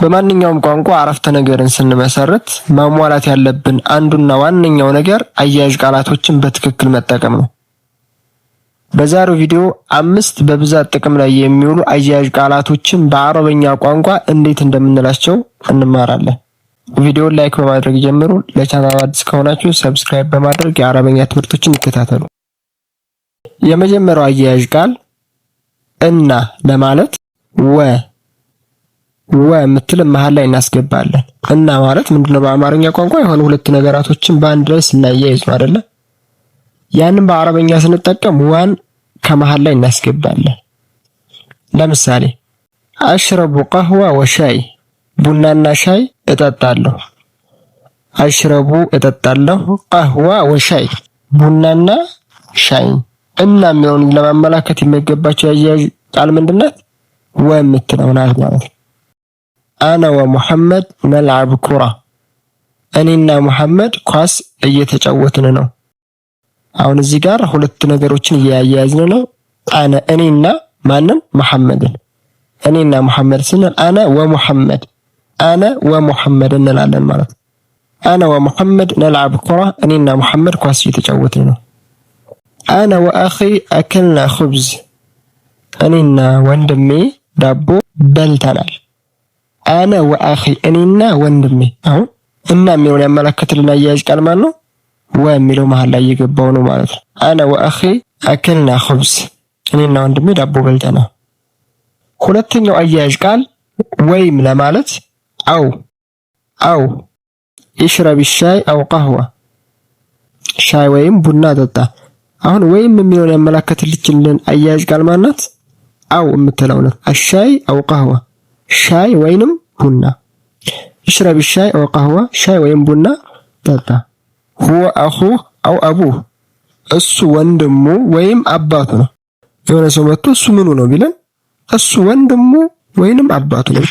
በማንኛውም ቋንቋ አረፍተ ነገርን ስንመሰርት ማሟላት ያለብን አንዱና ዋነኛው ነገር አያያዥ ቃላቶችን በትክክል መጠቀም ነው። በዛሬው ቪዲዮ አምስት በብዛት ጥቅም ላይ የሚውሉ አያያዥ ቃላቶችን በአረበኛ ቋንቋ እንዴት እንደምንላቸው እንማራለን። ቪዲዮውን ላይክ በማድረግ ጀምሩ። ለቻናል አዲስ ከሆናችሁ ሰብስክራይብ በማድረግ የአረበኛ ትምህርቶችን ይከታተሉ። የመጀመሪያው አያያዥ ቃል እና ለማለት ወ ወ የምትል መሀል ላይ እናስገባለን። እና ማለት ምንድነው በአማርኛ ቋንቋ የሆኑ ሁለት ነገራቶችን በአንድ ላይ ስናያይዝ ነው አይደለ? ያንን በአረበኛ ስንጠቀም ዋን ከመሀል ላይ እናስገባለን። ለምሳሌ አሽረቡ ቀህዋ ወሻይ፣ ቡናና ሻይ እጠጣለሁ። አሽረቡ እጠጣለሁ፣ ቀህዋ ወሻይ፣ ቡናና ሻይ። እና የሚለውን ለማመላከት የሚገባቸው ያያዥ ቃል ምንድናት? ወ የምትለውናት ማለት ነው። አነ ወሙሐመድ ነልዓብ ኩራ፣ እኔና ሙሐመድ ኳስ እየተጫወትን ነው። አሁን እዚህ ጋር ሁለት ነገሮችን እያያያዝን ነው። አነ እኔና ማንን? መሐመድን። እኔና መሐመድ ስንል አነ ወሙሐመድ አነ ወሙሐመድ እንላለን ማለት ነው። አነ ወሙሐመድ ነልዓብ ኩራ፣ እኔና ሙሐመድ ኳስ እየተጫወትን ነው። አነ ወአኺ አከልና ኹብዝ፣ እኔና ወንድሜ ዳቦ በልተናል። አነ ወአኺ እኔና ወንድሜ። አሁን እና የሚለውን ያመላከትልን አያያዥ ቃል ማለት ነው ወ የሚለው መሀል ላይ እየገባው ነው ማለት ነው። አነ ወአኺ አክልና ኹብዝ እኔና ወንድሜ ዳቦ በልተናል። ሁለተኛው አያያዥ ቃል ወይም ለማለት አው አው ይሽረብ ሻይ አው ቀህዋ ሻይ ወይም ቡና ጠጣ። አሁን ወይም የሚለውን ያመላከትልችልን አያያዥ ቃል ማናት? አው የምትለው ነው። አሻይ አው ቀህዋ ሻይ ወይንም ቡና። እሽረብ ሻይ ኦ ቀህዋ ሻይ ወይም ቡና ጠጣ። ሁወ አኹህ አው አቡህ እሱ ወንድሙ ወይም አባቱ ነው። የሆነ ሰው መጥቶ እሱ ምኑ ነው ቢለን እሱ ወንድሙ ወይንም አባቱ ነው።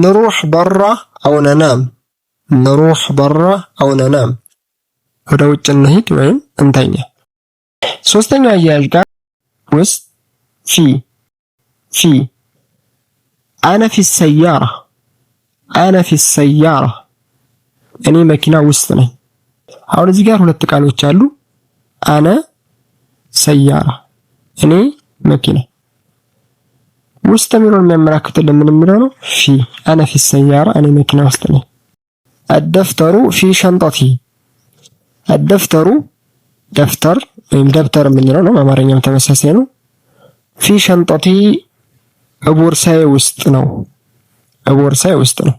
ንሩሕ በራ አው ነናም፣ ንሩሕ በራ አው ነናም፣ ወደ ውጭ እንሂድ ወይም እንተኛ። ሶስተኛው አያያዥ ጋር ውስጥ ፊ ፊ አነ ፊ ሰያራ አነ ፊ ሰያራ እኔ መኪና ውስጥ ነኝ። አሁን እዚህ ጋር ሁለት ቃሎች አሉ። አነ ሰያራ እኔ መኪና ውስጥ የሚለውን የሚያመላክትልን ምን የሚለው ነው? ፊ አነ ፊ ሰያራ እኔ መኪና ውስጥ ነኝ። አደፍተሩ ፊ ሸንጠቲ አደፍተሩ ደፍተር ወይም ደብተር የምንለው ነው። በአማርኛም ተመሳሳይ ነው። ፊ ሸንጠቲ ቦርሳዬ ውስጥ ነው። ቦርሳዬ ውስጥ ነው።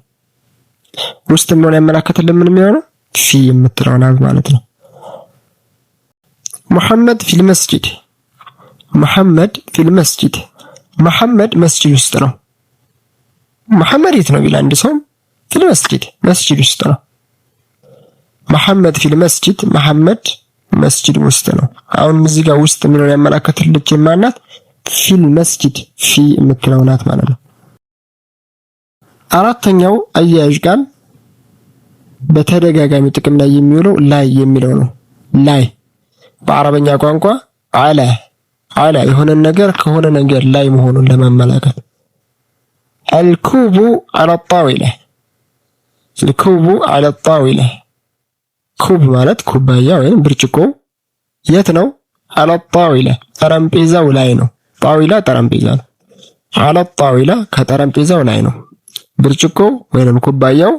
ውስጥ ምን ያመላከተልን ምን የሚሆነው ፊ የምትለውን አብ ማለት ነው። ሙሐመድ ፊል መስጂድ፣ ሙሐመድ ፊል መስጂድ፣ መሐመድ መስጂድ ውስጥ ነው። መሐመድ የት ነው ቢል አንድ ሰው ፊል መስጂድ፣ መስጂድ ውስጥ ነው። መሐመድ ፊል መስጂድ፣ መሐመድ መስጂድ ውስጥ ነው። አሁን እዚህ ጋር ውስጥ የሚለውን ያመላከተልን ማናት? ፊል መስጂድ ፊ የምትለው ናት ማለት ነው። አራተኛው አያያዥ ቃል በተደጋጋሚ ጥቅም ላይ የሚውለው ላይ የሚለው ነው። ላይ በአረበኛ ቋንቋ አለ አለ የሆነን ነገር ከሆነ ነገር ላይ መሆኑን ለማመላከት አልኩቡ አለ ጣዊላ አልኩቡ አለ ጣዊላ ኩብ ማለት ኩባያ ወይም ብርጭቆ የት ነው አለ ጣዊላ ጠረጴዛው ላይ ነው ጣዊላ ጠረጴዛ ነው። አለ ጣዊላ ከጠረጴዛው ላይ ነው። ብርጭቆ ወይንም ኩባያው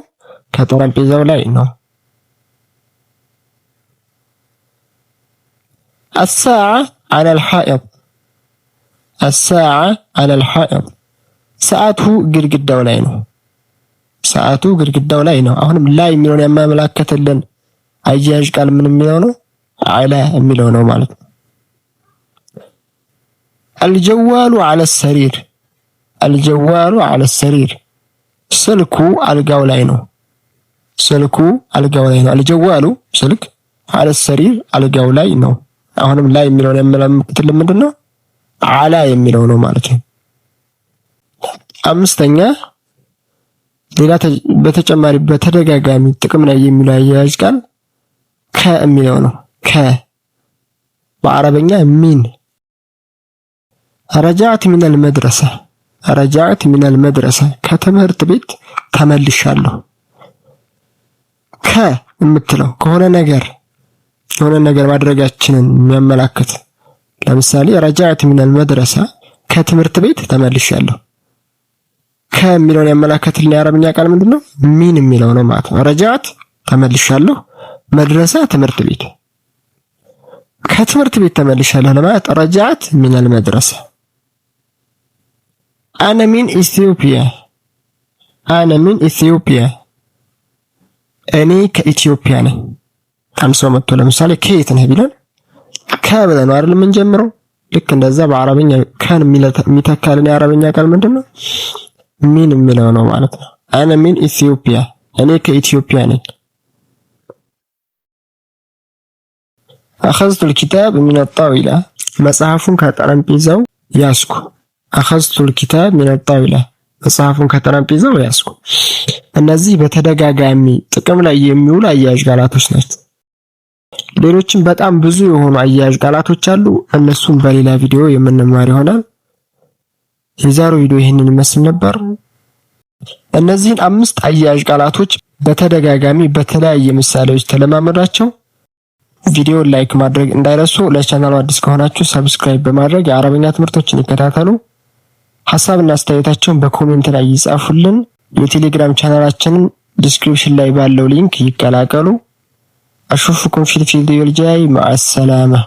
ከጠረጴዛው ላይ ነው። አሳዓ አለል ሐኢጥ አሳዓ አለል ሐኢጥ ሰዓቱ ግድግዳው ላይ ነው። ሰዓቱ ግድግዳው ላይ ነው። አሁንም ላይ የሚለውን የማመላከትልን አያያዥ ቃል ምን የሚለው ነው? አለ የሚለው ነው ማለት ነው። አልጀዋሉ አለ ሰሪር አልጀዋሉ አለ ሰሪር ስልኩ አልጋው ላይ ነው። ስልኩ አልጋው ላይ ነው። አልጀዋሉ ስልክ፣ አለ ሰሪር አልጋው ላይ ነው። አሁንም ላይ የሚለውን የሚያመለክትልን ምንድን ነው? አላ የሚለው ነው ማለት ነው። አምስተኛ ሌላ በተጨማሪ በተደጋጋሚ ጥቅም ላይ የሚለው አያያዥ ቃል ከ የሚለው ነው። ከ በአረበኛ ሚን ረጃዕት ሚነል መድረሳ ረጃዕት ሚነል መድረሳ ከትምህርት ቤት ተመልሻለሁ። ከ የምትለው ከሆነ ነገር የሆነ ነገር ማድረጋችንን የሚያመላክት ለምሳሌ ረጃዕት ሚነል መድረሳ ከትምህርት ቤት ተመልሻለሁ። ከ የሚለውን ያመላከትልን የአረብኛ ቃል ምንድን ነው? ሚን የሚለው ነው ማለት ነው። ረጃዕት ተመልሻለሁ፣ መድረሳ ትምህርት ቤት። ከትምህርት ቤት ተመልሻለሁ ለማለት ረጃዕት ሚነል መድረሳ أنا من إثيوبيا أنا من إثيوبيا እኔ ከኢትዮጵያ ነኝ። አንድ ሰው መጥቶ ለምሳሌ ከየት ነህ ቢለን ከብለህ ነው አይደል የምንጀምረው። ልክ እንደዛ በአረበኛ ከን የሚተካልን የአረበኛ ቃል ምንድን ነው? ሚን የሚለው ነው ማለት ነው። አነ ሚን ኢትዮጵያ፣ እኔ ከኢትዮጵያ ነኝ። አኸዝቱል ኪታብ ሚን ጣዊላ፣ መጽሐፉን ከጠረጴዛው ያዝኩ። አኸዝቱል ኪታብ ሚነጣው ጣውላ መጽሐፉን ከጠረጴዛው ያዝኩ። እነዚህ በተደጋጋሚ ጥቅም ላይ የሚውሉ አያያዥ ቃላቶች ናቸው። ሌሎችም በጣም ብዙ የሆኑ አያያዥ ቃላቶች አሉ። እነሱም በሌላ ቪዲዮ የምንማር ይሆናል። የዛሬው ቪዲዮ ይህንን ይመስል ነበር። እነዚህን አምስት አያያዥ ቃላቶች በተደጋጋሚ በተለያየ ምሳሌዎች ተለማመዷቸው። ቪዲዮን ላይክ ማድረግ እንዳይረሱ። ለቻናሉ አዲስ ከሆናችሁ ሰብስክራይብ በማድረግ የአረበኛ ትምህርቶችን ይከታተሉ። ሀሳብና አስተያየታቸውን በኮሜንት ላይ ይጻፉልን። የቴሌግራም ቻናላችንን ዲስክሪፕሽን ላይ ባለው ሊንክ ይቀላቀሉ። አሹፉኩም ፊልፊል ዲዮልጃይ ማአሰላማ